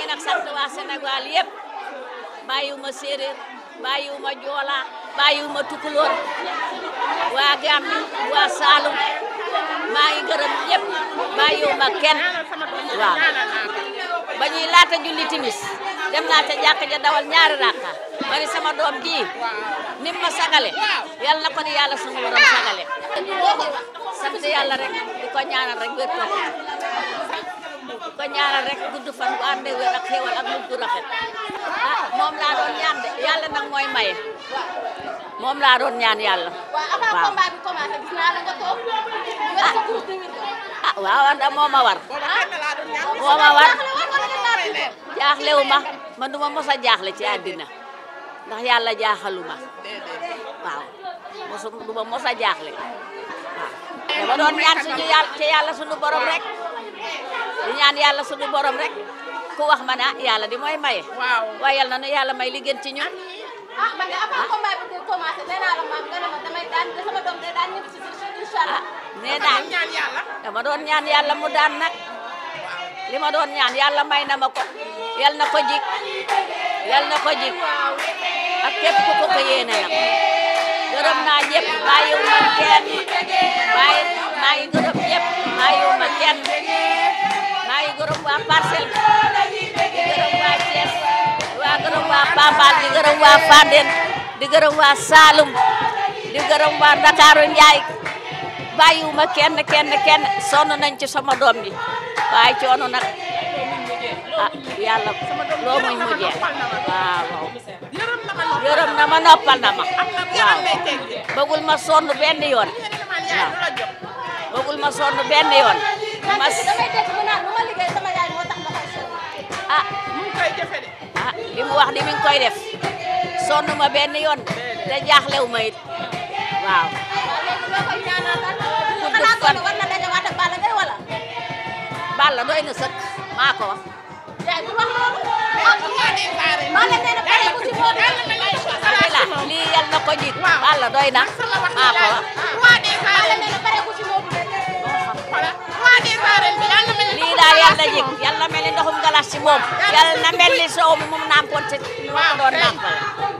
ngi nag sant waa Sénégal yëpp bàyyiwuma séeréer bàyyiwuma tukulóor waa Gambi waa Saalum maa ngi gërëm ñëpp bàyyiwuma kenn ba ñuy laata julli timis dem naa ca jàkka ja dawal ñaari rakka ma ni sama doom ji nim ma sagale yàlla na ko ni yàlla sunu borom sagale sant yàlla rek di ko ñaanal rek wér ko ñaanal a gudd fan bu ànd ah, moom laa doon ñaan de yàlla nag mooy maye moom laa yàlla. waaw ah, ah, waaw ndax moo ma a jaaxle ci àddina ndax yàlla jaaxalu waaw mosu du ma mos a jaaxle waaw. doon ñaan suñu yàlla ci yàlla suñu borom rek. di ñaan yàlla suñu borom rek ku wax ma ne ah yàlla di mooy maye. waaw waaye na nu yàlla may liggéen ci ñun. Ah, a ma damay daan doon ñaan yàlla mu daan nag li ma doon ñaan yàlla may na ma ko yal na ko jig yal na ko jig ak képp ko ko yéene nag gërëm naa ñëpp bàyyiwuma kenn bàyyi maa ngi gërëm ñëpp gërëm di gërëm waa Thiès waa gërëm waa Bambal di gërëm waa Fandène di gërëm waa Saloum di gërëm waa Ndakaaru Ndiaye bàyyiwuma kenn kenn kenn sonn nañ ci sama doom bi waaye coono nag ah yàlla loo muy mujjee na ma noppal na ma waaw ma sonn benn yoon waaw ma sonn benn yoon ma wax ni mi koy def sonn ma benn yoon te jaaxlew ma it doy na sëkk maa ko wax. lii yal na ko jiit Balla doy na maa ko wax. ndoxum galas ci moom yàlla na mel ni soow mi moom nampoon te ñu ko doon nampal